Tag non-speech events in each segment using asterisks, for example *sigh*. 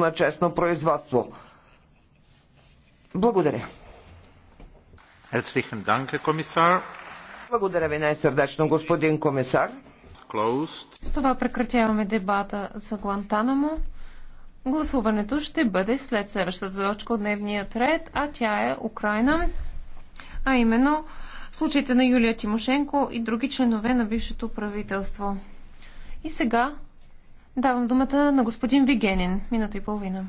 на честно производство. Благодаря. Благодаря ви най-сърдечно, господин комисар. Closed. С това прекратяваме дебата за Гуантанамо. Гласуването ще бъде след следващата точка от дневния ред, а тя е Украина, а именно случаите на Юлия Тимошенко и други членове на бившето правителство. И сега Давам думата на господин Вигенин. Минута и половина.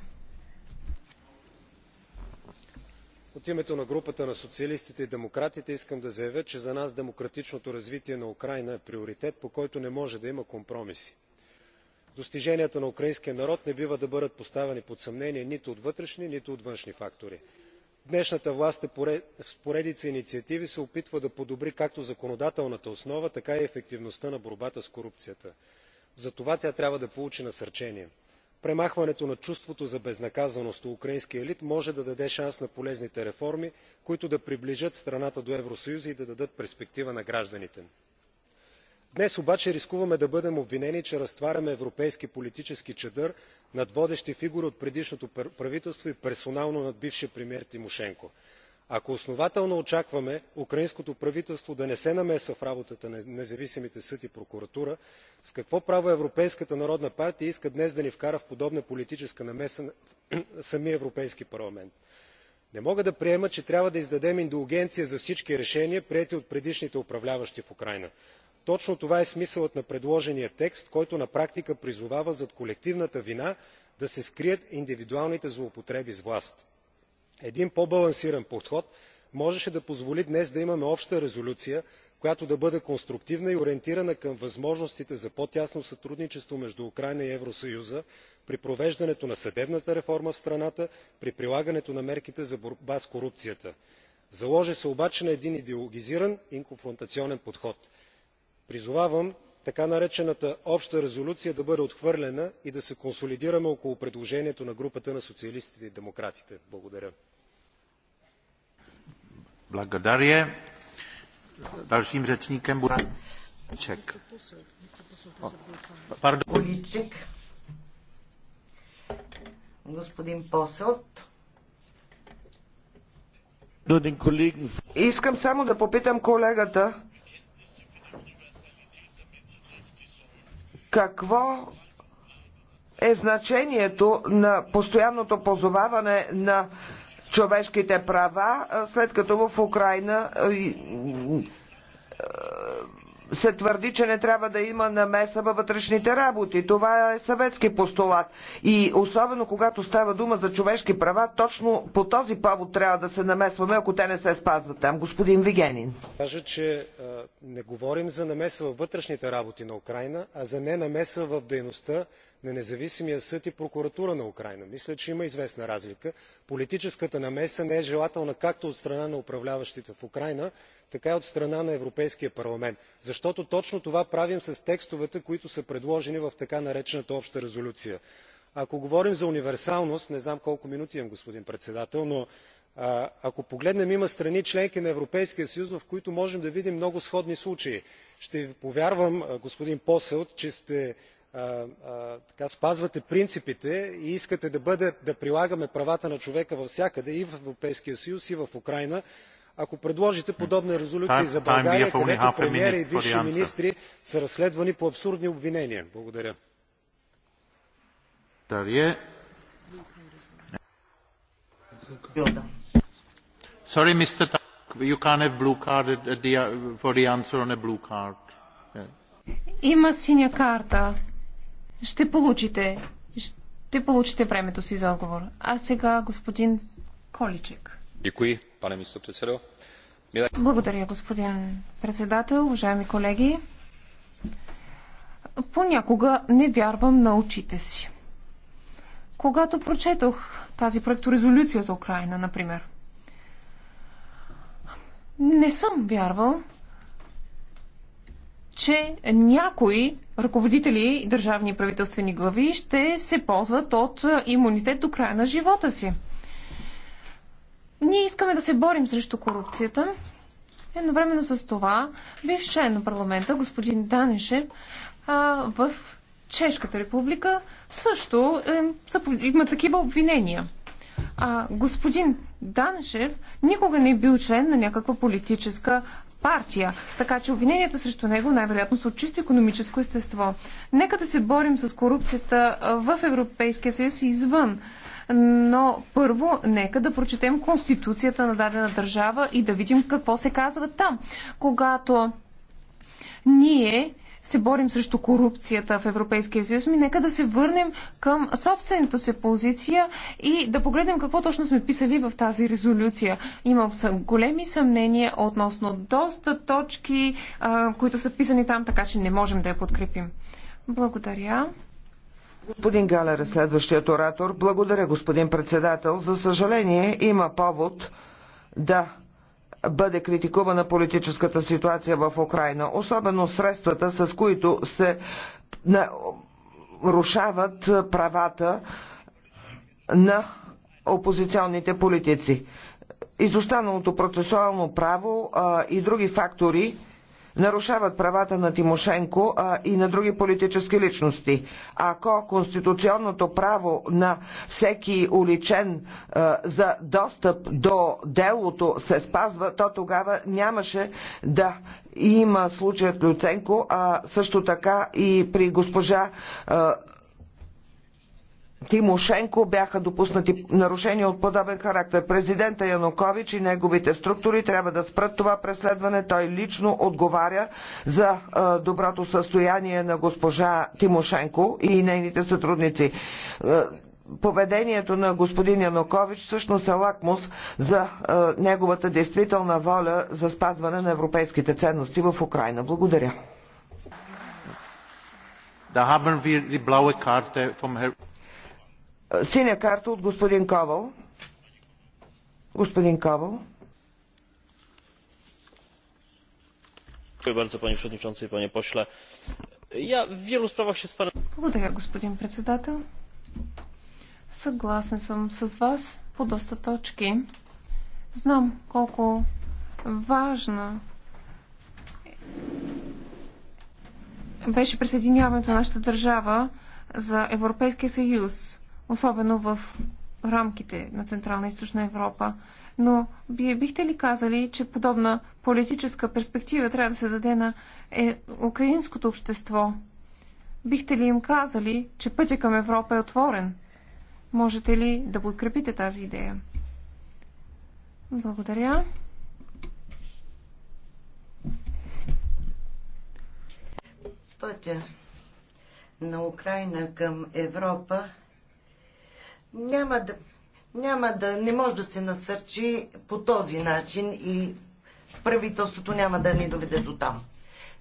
От името на групата на социалистите и демократите искам да заявя, че за нас демократичното развитие на Украина е приоритет, по който не може да има компромиси. Достиженията на украинския народ не бива да бъдат поставени под съмнение нито от вътрешни, нито от външни фактори. Днешната власт е в поредица инициативи се опитва да подобри както законодателната основа, така и ефективността на борбата с корупцията затова тя трябва да получи насърчение. премахването на чувството за безнаказаност у украинския елит може да даде шанс на полезните реформи които да приближат страната до евросъюза и да дадат перспектива на гражданите. днес обаче рискуваме да бъдем обвинени че разтваряме европейски политически чадър над водещи фигури от предишното правителство и персонално над бившия премиер тимошенко ако основателно очакваме украинското правителство да не се намесва в работата на независимите съд и прокуратура с какво право европейската народна партия иска днес да ни вкара в подобна политическа намеса *clears throat* самия европейски парламент? не мога да приема че трябва да издадем индулгенция за всички решения приети от предишните управляващи в украйна. точно това е смисълът на предложения текст който на практика призовава зад колективната вина да се скрият индивидуалните злоупотреби с власт един по балансиран подход можеше да позволи днес да имаме обща резолюция която да бъде конструктивна и ориентирана към възможностите за по тясно сътрудничество между украйна и евросъюза при провеждането на съдебната реформа в страната при прилагането на мерките за борба с корупцията. заложи се обаче на един идеологизиран и конфронтационен подход. призовавам така наречената обща резолюция да бъде отхвърлена и да се консолидираме около предложението на групата на социалистите и демократите. благодаря. Благодаря. Dalším řečníkem bude Ček. Pardon. Господин Посълт. Искам само да попитам колегата какво е значението на постоянното позоваване на човешките права, след като в Украина се твърди, че не трябва да има намеса във вътрешните работи. Това е съветски постулат. И особено когато става дума за човешки права, точно по този повод трябва да се намесваме, ако те не се спазват там. Господин Вигенин. Кажа, че не говорим за намеса във вътрешните работи на Украина, а за ненамеса в дейността на независимия съд и прокуратура на украйна. мисля че има известна разлика. политическата намеса не е желателна както от страна на управляващите в украйна така и от страна на европейския парламент защото точно това правим с текстовете които са предложени в така наречената обща резолюция. ако говорим за универсалност не знам колко минути имам господин председател но ако погледнем има страни членки на европейския съюз в които можем да видим много сходни случаи. ще ви повярвам господин posselt че сте спазвате принципите и искате да прилагаме правата на човека навсякъде и в европейския съюз и в украйна ако предложите подобна резолюция и за българя където премиер и бивши министри са разследвани по абсурдни обвинения. благодаря. има синя карта. Ще получите, ще получите времето си за отговор. А сега господин Количек. пане председател Благодаря, господин председател, уважаеми колеги. Понякога не вярвам на очите си. Когато прочетох тази проекторезолюция за Украина, например, не съм вярвал, че някои ръководители, държавни правителствени глави ще се ползват от имунитет до края на живота си. Ние искаме да се борим срещу корупцията. Едновременно с това, бив член на парламента, господин Данише, в Чешката република също е, са, има такива обвинения. А, господин Данешев никога не е бил член на някаква политическа партия, така че обвиненията срещу него най-вероятно са от чисто економическо естество. Нека да се борим с корупцията в Европейския съюз и извън. Но първо, нека да прочетем конституцията на дадена държава и да видим какво се казва там. Когато ние се борим срещу корупцията в Европейския съюз, ми нека да се върнем към собствената си позиция и да погледнем какво точно сме писали в тази резолюция. Имам големи съмнения относно доста точки, които са писани там, така че не можем да я подкрепим. Благодаря. Господин Галер е следващият оратор. Благодаря, господин председател. За съжаление, има повод да бъде критикувана политическата ситуация в Украина, особено средствата, с които се нарушават правата на опозиционните политици. Изостаналото процесуално право а, и други фактори нарушават правата на Тимошенко а, и на други политически личности. Ако конституционното право на всеки уличен а, за достъп до делото се спазва, то тогава нямаше да има случаят Люценко, а също така и при госпожа а, Тимошенко бяха допуснати нарушения от подобен характер. Президента Янукович и неговите структури трябва да спрат това преследване. Той лично отговаря за доброто състояние на госпожа Тимошенко и нейните сътрудници поведението на господин Янукович всъщност е лакмус за е, неговата действителна воля за спазване на европейските ценности в Украина. Благодаря. Синя карта от господин Ковал. Господин Ковал. Благодаря, господин председател. Съгласен съм с вас по доста точки. Знам колко важна беше присъединяването на нашата държава за Европейския съюз особено в рамките на Централна и Източна Европа. Но бихте ли казали, че подобна политическа перспектива трябва да се даде на е, украинското общество? Бихте ли им казали, че пътя към Европа е отворен? Можете ли да подкрепите тази идея? Благодаря. Пътя на Украина към Европа няма да, няма да, не може да се насърчи по този начин и правителството няма да ни доведе до там.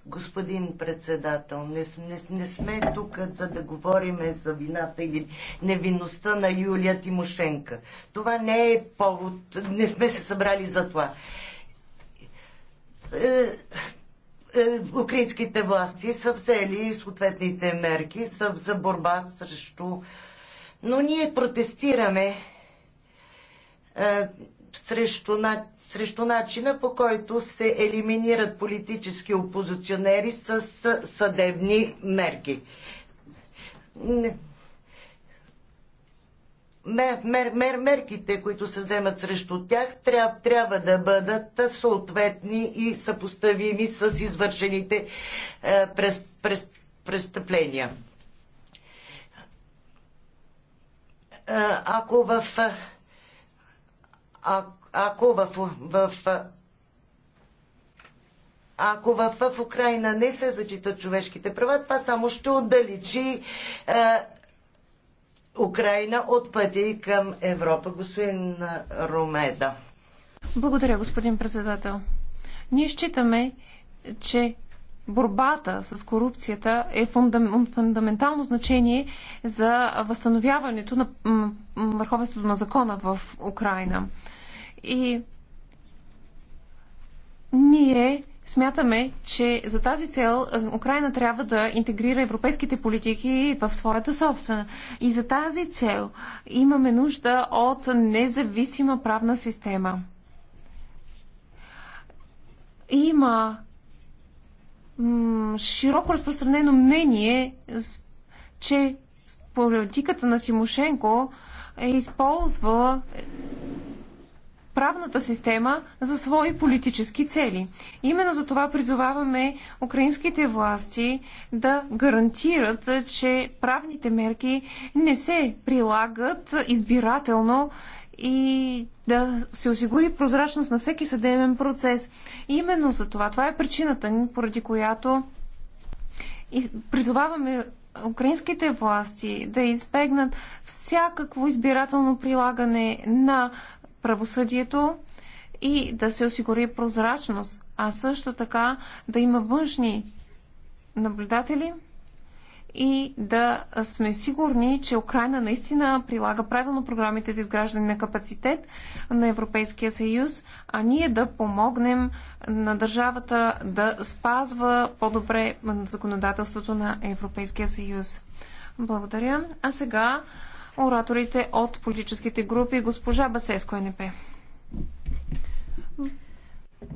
Господин председател, не, не, не сме тук за да говорим за вината или невинността на Юлия Тимошенка. Това не е повод, не сме се събрали за това. Е, е, украинските власти са взели съответните мерки за борба срещу но ние протестираме а, срещу, на, срещу начина по който се елиминират политически опозиционери с, съдебни мерки. Мер, мер, мер, мерките, които се вземат срещу тях, трябва, трябва да бъдат съответни и съпоставими с извършените е, през, през, престъпления. ако в а, ако в, в, в ако в, в Украина не се зачитат човешките права, това само ще отдалечи е, Украина от пъти към Европа. Господин Ромеда. Благодаря, господин председател. Ние считаме, че борбата с корупцията е фундаментално значение за възстановяването на върховенството на закона в Украина. И ние смятаме, че за тази цел е, Украина трябва да интегрира европейските политики в своята собствена. И за тази цел имаме нужда от независима правна система. Има широко разпространено мнение, че политиката на Тимошенко е използвала правната система за свои политически цели. Именно за това призоваваме украинските власти да гарантират, че правните мерки не се прилагат избирателно и да се осигури прозрачност на всеки съдебен процес. И именно за това, това е причината ни, поради която призоваваме украинските власти да избегнат всякакво избирателно прилагане на правосъдието и да се осигури прозрачност, а също така да има външни наблюдатели, и да сме сигурни, че Украина наистина прилага правилно програмите за изграждане на капацитет на Европейския съюз, а ние да помогнем на държавата да спазва по-добре законодателството на Европейския съюз. Благодаря. А сега ораторите от политическите групи. Госпожа Басеско НП.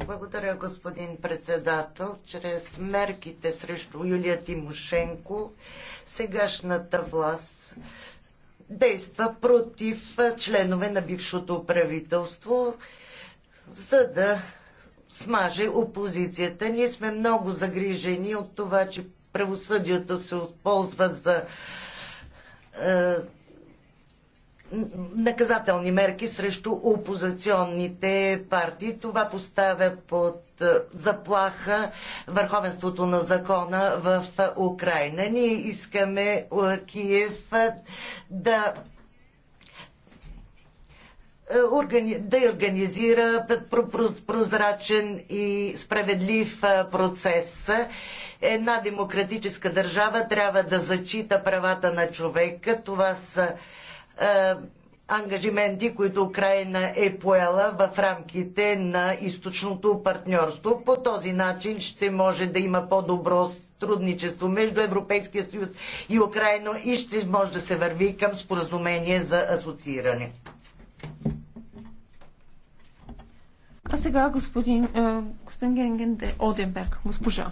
Благодаря, господин председател. Чрез мерките срещу Юлия Тимошенко сегашната власт действа против членове на бившото правителство, за да смаже опозицията. Ние сме много загрижени от това, че правосъдието се използва за е, наказателни мерки срещу опозиционните партии. Това поставя под е, заплаха върховенството на закона в е, Украина. Ние искаме е, Киев да да организира прозрачен и справедлив процес. Една демократическа държава трябва да зачита правата на човека. Това са е, ангажименти, които Украина е поела в рамките на източното партньорство. По този начин ще може да има по-добро сътрудничество между Европейския съюз и Украина и ще може да се върви към споразумение за асоцииране. А сега господин, е, господин Генген де Оденберг, госпожа.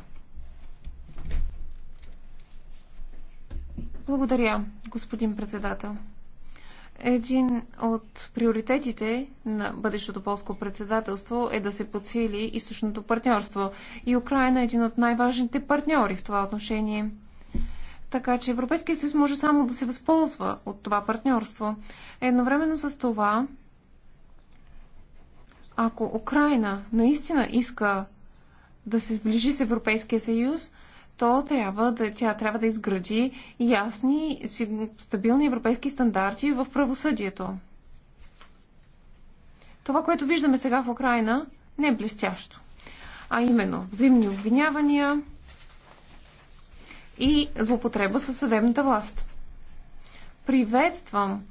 Благодаря, господин председател. Един от приоритетите на бъдещото полско председателство е да се подсили източното партньорство. И Украина е един от най-важните партньори в това отношение. Така че Европейския съюз може само да се възползва от това партньорство. Едновременно с това, ако Украина наистина иска да се сближи с Европейския съюз, то трябва да, тя трябва да изгради ясни, стабилни европейски стандарти в правосъдието. Това, което виждаме сега в Украина, не е блестящо. А именно, взаимни обвинявания и злопотреба със съдебната власт. Приветствам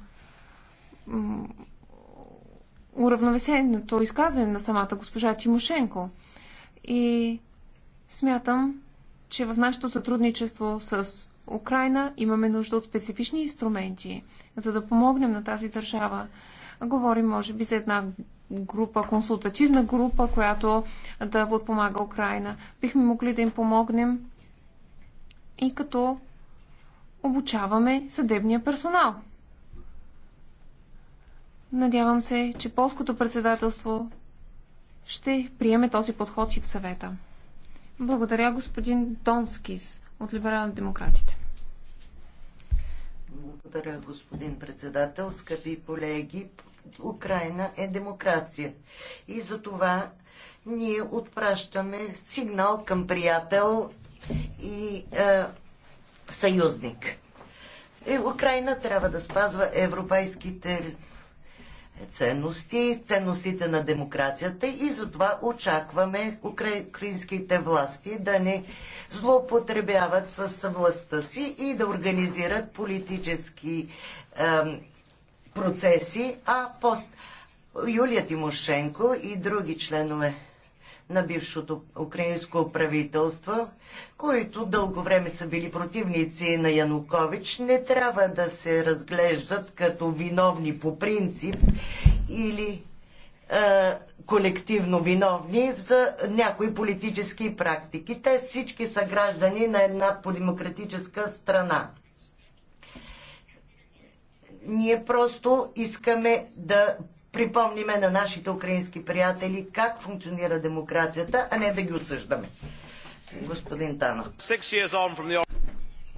уравновесеното изказване на самата госпожа Тимошенко и смятам, че в нашето сътрудничество с Украина имаме нужда от специфични инструменти, за да помогнем на тази държава. Говорим, може би, за една група, консултативна група, която да подпомага Украина. Бихме могли да им помогнем и като обучаваме съдебния персонал. Надявам се, че полското председателство ще приеме този подход и в съвета. Благодаря, господин Донскис от Либерални демократите. Благодаря, господин председател. Скъпи колеги, Украина е демокрация. И за това ние отпращаме сигнал към приятел и е, съюзник. Е, Украина трябва да спазва европейските ценности, ценностите на демокрацията и затова очакваме украинските власти да не злоупотребяват с властта си и да организират политически е, процеси, а пост Юлия Тимошенко и други членове на бившото украинско правителство, които дълго време са били противници на Янукович, не трябва да се разглеждат като виновни по принцип или колективно виновни за някои политически практики. Те всички са граждани на една подемократическа страна. Ние просто искаме да припомниме на нашите украински приятели как функционира демокрацията, а не да ги осъждаме. Господин Танов.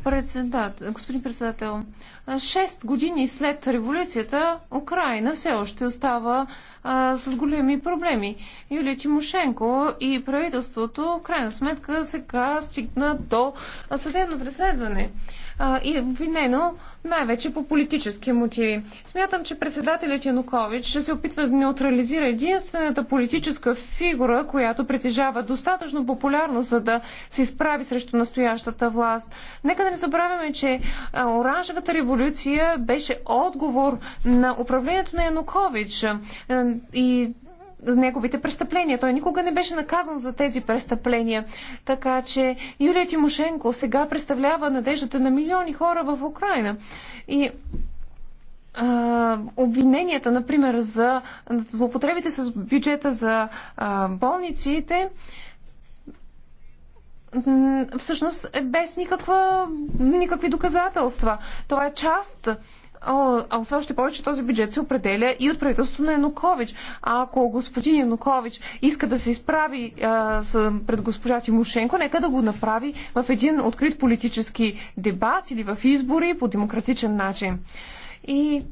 Председател, господин председател, 6 години след революцията Украина все още остава а, с големи проблеми. Юлия Тимошенко и правителството, в крайна сметка, сега стигна до съдебно преследване. А, а, и обвинено най-вече по политически мотиви. Смятам, че председателят Янукович ще се опитва да неутрализира единствената политическа фигура, която притежава достатъчно популярност, за да се изправи срещу настоящата власт. Нека да не забравяме, че Оранжевата революция беше отговор на управлението на Янукович и за неговите престъпления. Той никога не беше наказан за тези престъпления. Така че Юлия Тимошенко сега представлява надеждата на милиони хора в Украина. И а, обвиненията, например, за злоупотребите с бюджета за а, болниците, всъщност е без никаква, никакви доказателства. Това е част а все още повече този бюджет се определя и от правителството на Янукович. А ако господин Янукович иска да се изправи а, пред госпожа Тимошенко, нека да го направи в един открит политически дебат или в избори по демократичен начин. И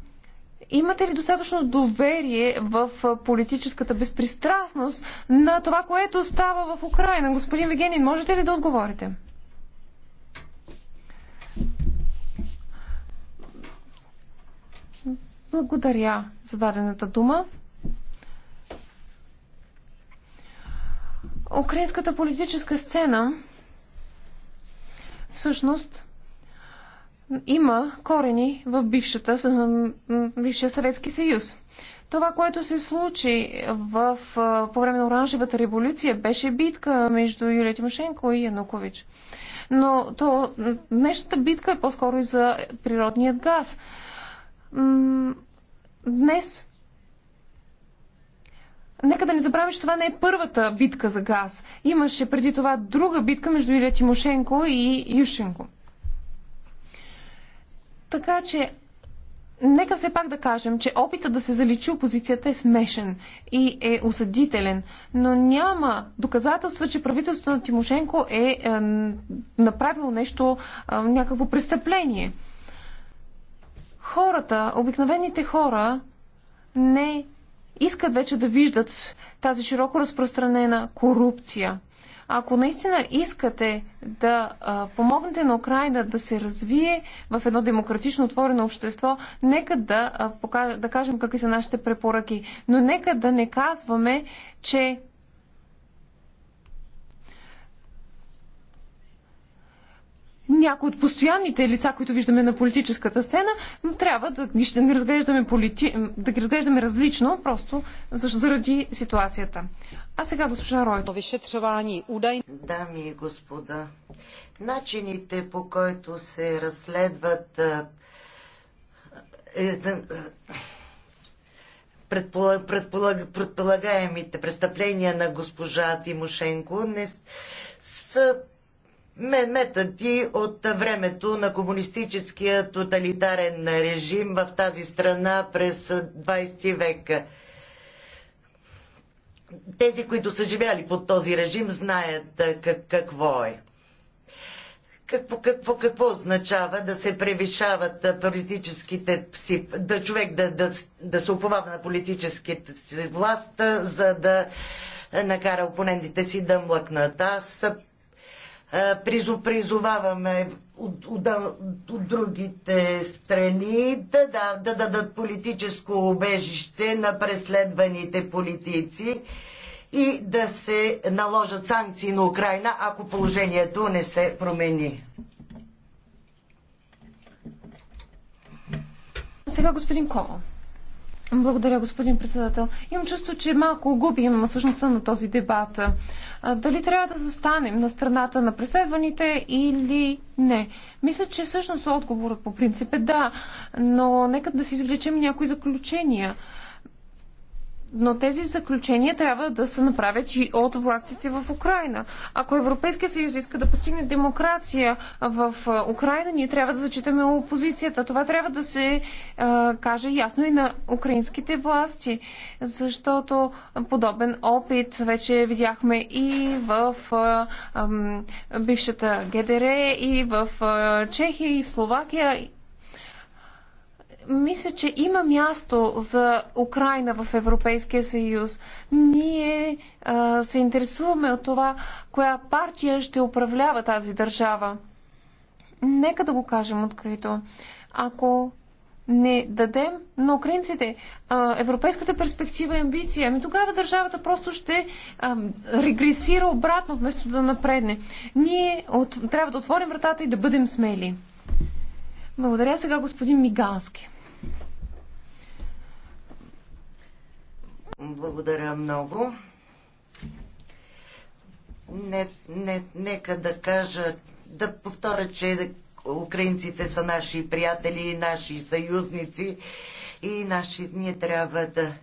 Имате ли достатъчно доверие в политическата безпристрастност на това, което става в Украина? Господин Вегенин, можете ли да отговорите? Благодаря за дадената дума. Украинската политическа сцена всъщност има корени в бившата, бившия Съветски съюз. Това, което се случи в, по време на Оранжевата революция, беше битка между Юлия Тимошенко и Янукович. Но то, днешната битка е по-скоро и за природният газ. Днес Нека да не забравим, че това не е първата битка за газ. Имаше преди това друга битка между Илия Тимошенко и Ющенко. Така че, нека все пак да кажем, че опита да се заличи опозицията е смешен и е осъдителен, но няма доказателства, че правителството на Тимошенко е, е направило нещо, е, някакво престъпление хората, обикновените хора, не искат вече да виждат тази широко разпространена корупция. Ако наистина искате да а, помогнете на Украина да се развие в едно демократично отворено общество, нека да, а, покажем, да кажем какви са нашите препоръки. Но нека да не казваме, че някои от постоянните лица, които виждаме на политическата сцена, трябва да ги разглеждаме, полити... да ги разглеждаме различно, просто заради ситуацията. А сега госпожа Ройто. Вишетревани, удай... Дами и господа, начините по който се разследват е, е, предполагаемите престъпления на госпожа Тимошенко не са ме ти от времето на комунистическия тоталитарен режим в тази страна през 20 век. Тези, които са живяли под този режим, знаят как, какво е. Какво, какво, какво означава да се превишават политическите си, да човек да, да, да се уповава на политическите си власт, за да накара опонентите си да млъкнат. Аз е, призоваваме от, от, от другите страни да, да, да дадат политическо убежище на преследваните политици и да се наложат санкции на Украина, ако положението не се промени. Сега господин Кова. Благодаря, господин председател. Имам чувство, че малко губим същността на този дебат. Дали трябва да застанем на страната на преследваните или не? Мисля, че всъщност отговорът по принцип е да, но нека да си извлечем някои заключения – но тези заключения трябва да се направят и от властите в Украина. Ако Европейския съюз иска да постигне демокрация в е, Украина, ние трябва да зачитаме опозицията. Това трябва да се а, е, каже ясно и на украинските власти, защото подобен опит вече видяхме и в а, е, а, бившата ГДР, и в а, Чехия, и в Словакия, мисля, че има място за Украина в Европейския съюз. Ние а, се интересуваме от това, коя партия ще управлява тази държава. Нека да го кажем открито. Ако не дадем на украинците а, европейската перспектива и амбиция, ами тогава държавата просто ще а, регресира обратно, вместо да напредне. Ние от, трябва да отворим вратата и да бъдем смели. Благодаря сега господин Мигански. Благодаря много. Не, не, нека да кажа, да повторя, че украинците са наши приятели, наши съюзници и наши, ние трябва да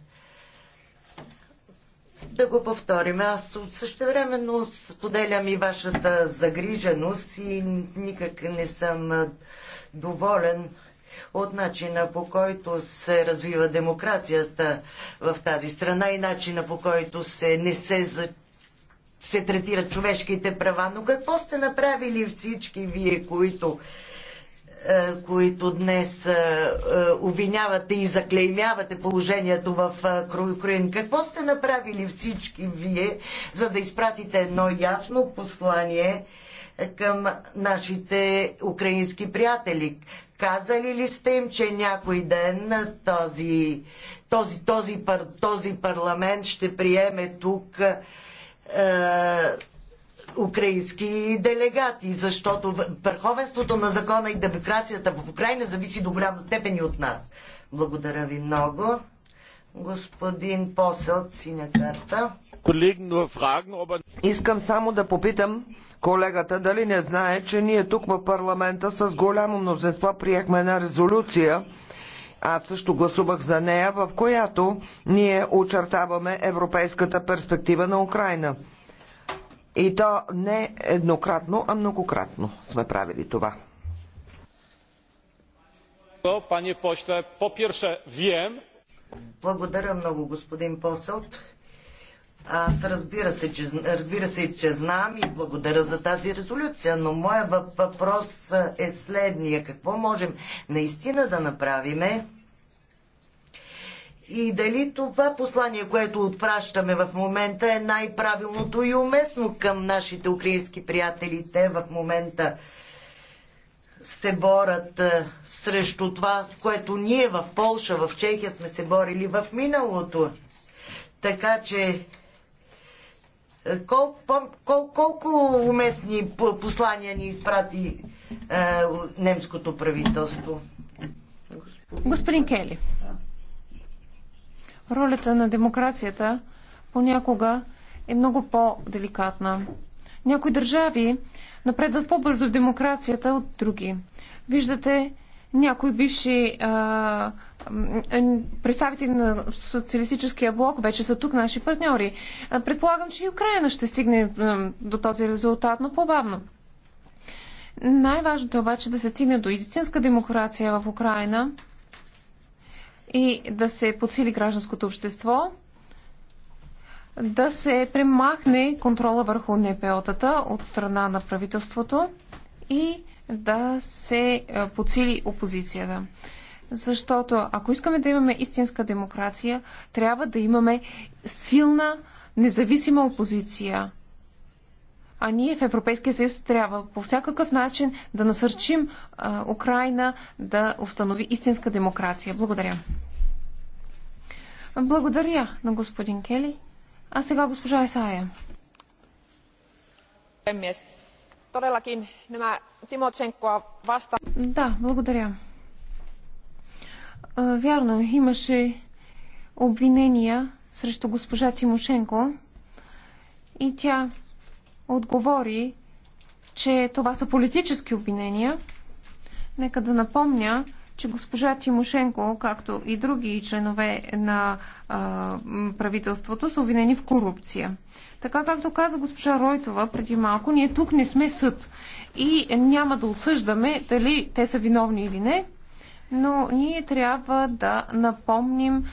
да го повторим. Аз също същевременно споделям и вашата загриженост и никак не съм доволен от начина по който се развива демокрацията в тази страна и начина по който се не се за се третират човешките права. Но какво сте направили всички вие, които, е, които днес е, е, обвинявате и заклеймявате положението в Украина? Какво сте направили всички вие, за да изпратите едно ясно послание към нашите украински приятели? Казали ли сте им, че някой ден този, този, този, пар, този парламент ще приеме тук е, украински делегати, защото върховенството на закона и демокрацията в Украина зависи до голяма степен и от нас. Благодаря ви много. Господин Посел, синя карта. Er- Искам само да попитам колегата дали не знае, че ние тук в парламента с голямо мнозинство приехме една резолюция, аз също гласувах за нея, в която ние очертаваме европейската перспектива на Украина. И то не еднократно, а многократно сме правили това. Благодаря много, господин Посълт. Аз разбира се, че, разбира се, че знам и благодаря за тази резолюция, но моя въпрос е следния. Какво можем наистина да направиме? И дали това послание, което отпращаме в момента е най-правилното и уместно към нашите украински приятели. Те в момента се борят е, срещу това, което ние в Полша, в Чехия сме се борили в миналото. Така че Кол, кол, колко уместни послания ни изпрати е, немското правителство? Господин Кели, ролята на демокрацията понякога е много по-деликатна. Някои държави напредват по-бързо в демокрацията от други. Виждате, някои бивши представители на социалистическия блок вече са тук наши партньори. Предполагам, че и Украина ще стигне до този резултат, но по-бавно. Най-важното е обаче да се стигне до истинска демокрация в Украина и да се подсили гражданското общество, да се премахне контрола върху НПО-тата от страна на правителството и да се е, подсили опозицията. Защото ако искаме да имаме истинска демокрация, трябва да имаме силна, независима опозиция. А ние в Европейския съюз трябва по всякакъв начин да насърчим а, е, Украина да установи истинска демокрация. Благодаря. Благодаря на господин Кели. А сега госпожа Есая. Todellakin nämä Timotsenkoa vasta... Да, благодаря. Е, вярно, имаше обвинения срещу госпожа Тимошенко и тя отговори, че това са политически обвинения. Нека да напомня, че госпожа Тимошенко, както и други членове на а, правителството, са обвинени в корупция. Така както каза госпожа Ройтова преди малко, ние тук не сме съд и няма да осъждаме дали те са виновни или не, но ние трябва да напомним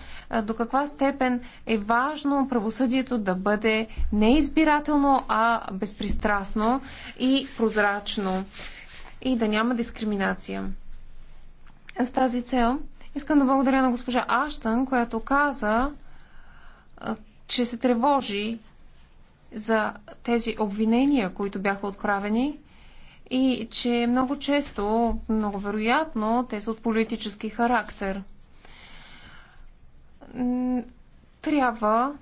до каква степен е важно правосъдието да бъде не избирателно, а безпристрастно и прозрачно и да няма дискриминация. С тази цел искам да благодаря на госпожа Аштън, която каза, че се тревожи за тези обвинения, които бяха отправени и че много често, много вероятно, те са от политически характер. Трябва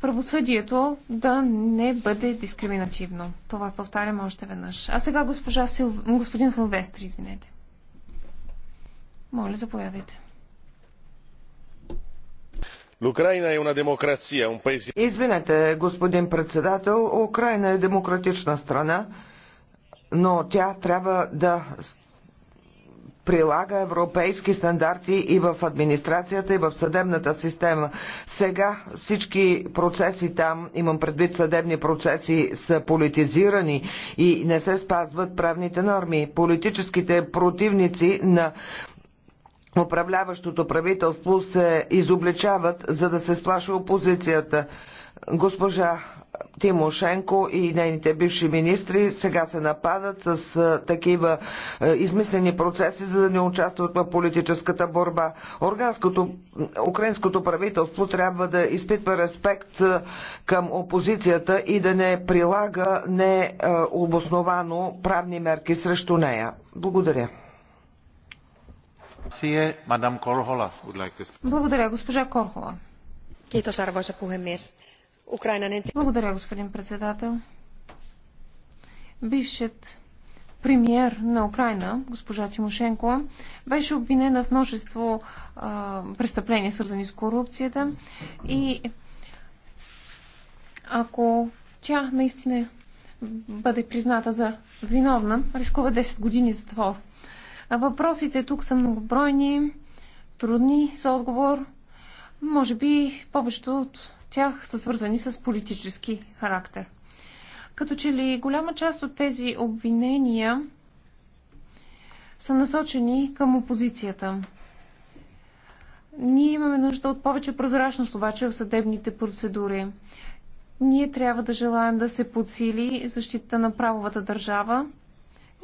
правосъдието да не бъде дискриминативно. Това повтарям още веднъж. А сега госпожа Сил... господин Силвестри, извинете. Моля, заповядайте. Украина е една демокрация, un paese... Извинете, господин председател, Украина е демократична страна, но тя трябва да прилага европейски стандарти и в администрацията, и в съдебната система. Сега всички процеси там, имам предвид съдебни процеси, са политизирани и не се спазват правните норми. Политическите противници на управляващото правителство се изобличават, за да се сплаша опозицията. Госпожа Тимошенко и нейните бивши министри сега се нападат с е, такива е, измислени процеси, за да не участват в политическата борба. Органското, украинското правителство трябва да изпитва респект е, към опозицията и да не прилага необосновано правни мерки срещу нея. Благодаря. Благодаря, госпожа Корхола. Благодаря, господин председател. Бившият премьер на Украина, госпожа Тимошенко, беше обвинена в множество а, престъпления, свързани с корупцията. И ако тя наистина бъде призната за виновна, рискува 10 години затвор. Въпросите тук са многобройни, трудни за отговор. Може би повечето от тях са свързани с политически характер. Като че ли голяма част от тези обвинения са насочени към опозицията. Ние имаме нужда от повече прозрачност обаче в съдебните процедури. Ние трябва да желаем да се подсили защита на правовата държава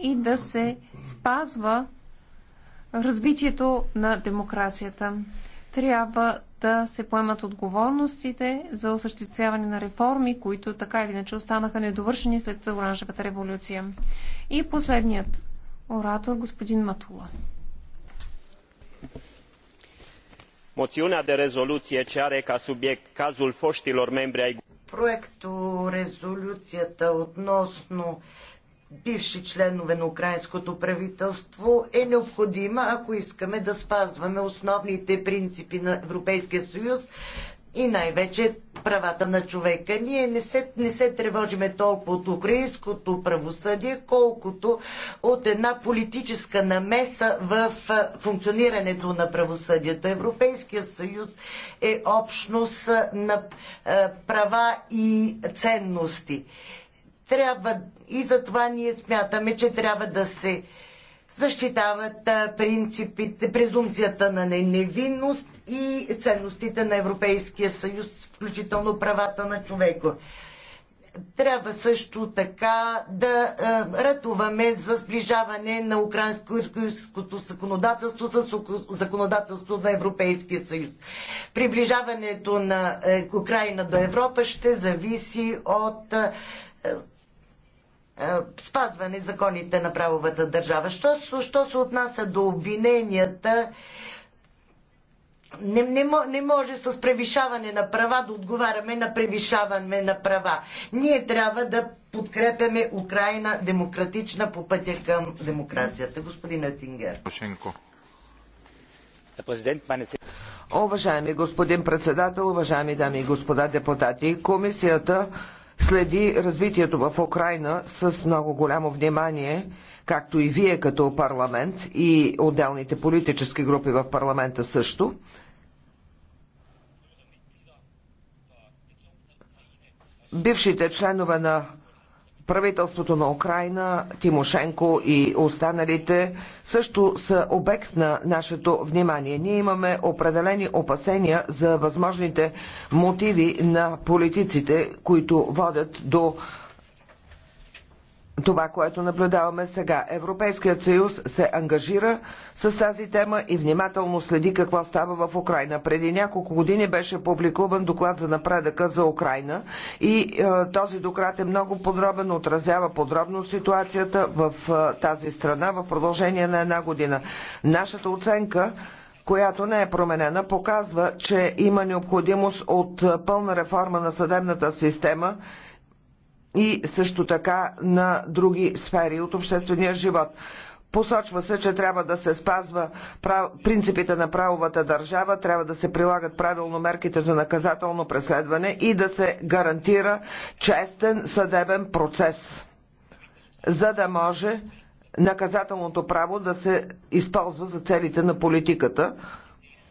и да се спазва разбитието на демокрацията. Трябва да се поемат отговорностите за осъществяване на реформи, които така или иначе останаха недовършени след Оранжевата революция. И последният оратор, господин Матула. de rezoluție ce are ca subiect cazul foștilor membri ai Проекто резолюцията относно бивши членове на украинското правителство е необходима, ако искаме да спазваме основните принципи на Европейския съюз и най-вече правата на човека. Ние не се, не се тревожиме толкова от украинското правосъдие, колкото от една политическа намеса в функционирането на правосъдието. Европейския съюз е общност на права и ценности трябва и затова ние смятаме, че трябва да се защитават принципите, презумцията на невинност и ценностите на Европейския съюз, включително правата на човека. Трябва също така да ратуваме за сближаване на украинското законодателство с законодателство на Европейския съюз. Приближаването на е, Украина до Европа ще зависи от е, е, спазване законите на правовата държава. Що, що се отнася до обвиненията, не, не, не може с превишаване на права да отговаряме на превишаване на права. Ние трябва да подкрепяме Украина демократична по пътя към демокрацията. Господин Етингер. Уважаеми господин председател, уважаеми дами и господа депутати, комисията следи развитието в Украина с много голямо внимание, както и вие като парламент и отделните политически групи в парламента също. Бившите членове на правителството на Украина, Тимошенко и останалите също са обект на нашето внимание. Ние имаме определени опасения за възможните мотиви на политиците, които водят до това, което наблюдаваме сега. Европейският съюз се ангажира с тази тема и внимателно следи какво става в Украина. Преди няколко години беше публикуван доклад за напредъка за Украина и е, този доклад е много подробен, отразява подробно ситуацията в е, тази страна в продължение на една година. Нашата оценка която не е променена, показва, че има необходимост от пълна реформа на съдебната система и също така на други сфери от обществения живот. Посочва се, че трябва да се спазва прав... принципите на правовата държава, трябва да се прилагат правилно мерките за наказателно преследване и да се гарантира честен съдебен процес, за да може наказателното право да се използва за целите на политиката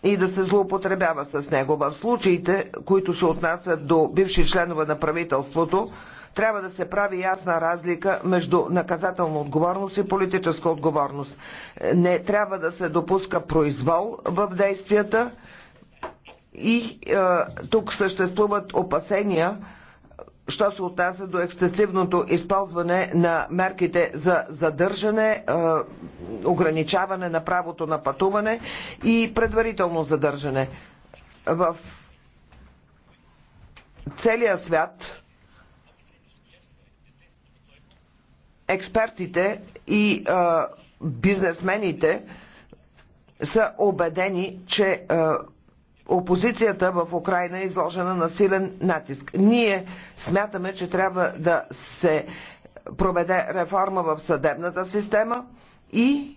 и да се злоупотребява с него. В случаите, които се отнасят до бивши членове на правителството, трябва да се прави ясна разлика между наказателна отговорност и политическа отговорност. Не трябва да се допуска произвол в действията и е, тук съществуват опасения, що се отнася до екстесивното използване на мерките за задържане, е, ограничаване на правото на пътуване и предварително задържане. В целия свят експертите и а, бизнесмените са убедени, че а, опозицията в Украина е изложена на силен натиск. Ние смятаме, че трябва да се проведе реформа в съдебната система и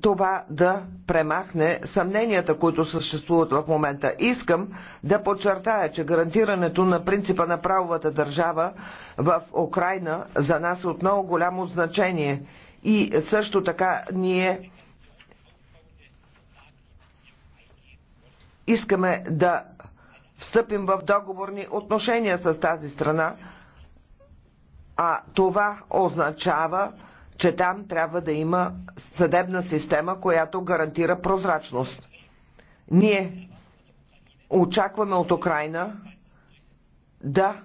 това да премахне съмненията, които съществуват в момента. Искам да подчертая, че гарантирането на принципа на правовата държава в Украина за нас е от много голямо значение. И също така ние искаме да встъпим в договорни отношения с тази страна, а това означава че там трябва да има съдебна система, която гарантира прозрачност. Ние очакваме от Украина да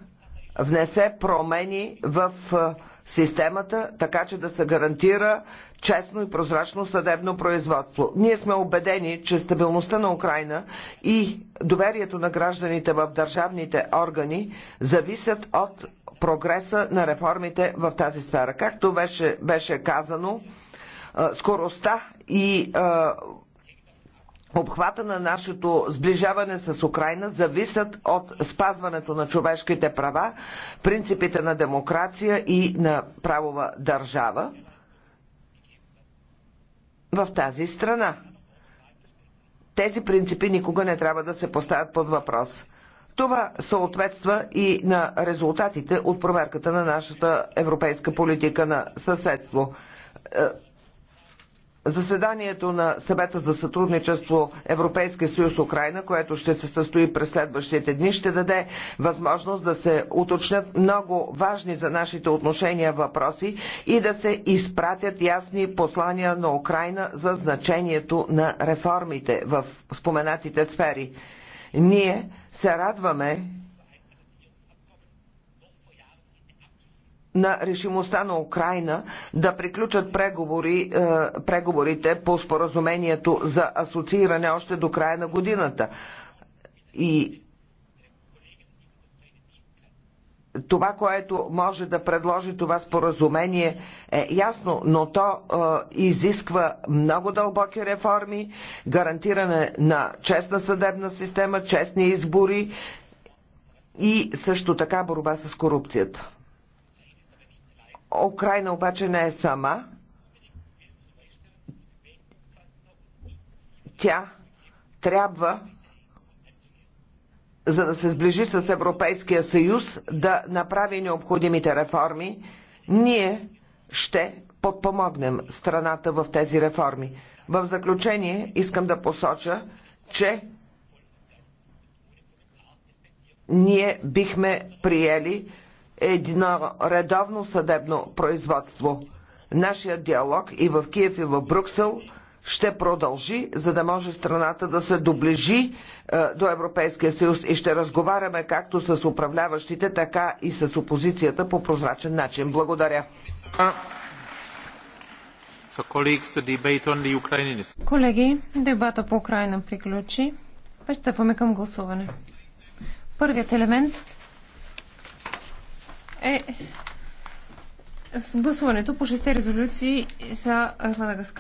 внесе промени в системата, така че да се гарантира честно и прозрачно съдебно производство. Ние сме убедени, че стабилността на Украина и доверието на гражданите в държавните органи зависят от прогреса на реформите в тази сфера. Както беше, беше казано, скоростта и обхвата на нашето сближаване с Украина зависят от спазването на човешките права, принципите на демокрация и на правова държава в тази страна. Тези принципи никога не трябва да се поставят под въпрос. Това съответства и на резултатите от проверката на нашата европейска политика на съседство. Е, заседанието на съвета за сътрудничество Европейския съюз Украина, което ще се състои през следващите дни, ще даде възможност да се уточнят много важни за нашите отношения въпроси и да се изпратят ясни послания на Украина за значението на реформите в споменатите сфери. Ние се радваме на решимостта на Украина да приключат преговори, е, преговорите по споразумението за асоцииране още до края на годината. И това, което може да предложи това споразумение е ясно, но то е, изисква много дълбоки реформи, гарантиране на честна съдебна система, честни избори и също така борба с корупцията. Украина обаче не е сама. Тя трябва за да се сближи с Европейския съюз, да направи необходимите реформи, ние ще подпомогнем страната в тези реформи. В заключение искам да посоча, че ние бихме приели едно редовно съдебно производство. Нашия диалог и в Киев и в Брюксел – ще продължи, за да може страната да се доближи е, до Европейския съюз и ще разговаряме както с управляващите, така и с опозицията по прозрачен начин. Благодаря. Колеги, дебата по Украина приключи. Пристъпваме към гласуване. Първият елемент е с гласуването по шесте резолюции за Мадагаскар.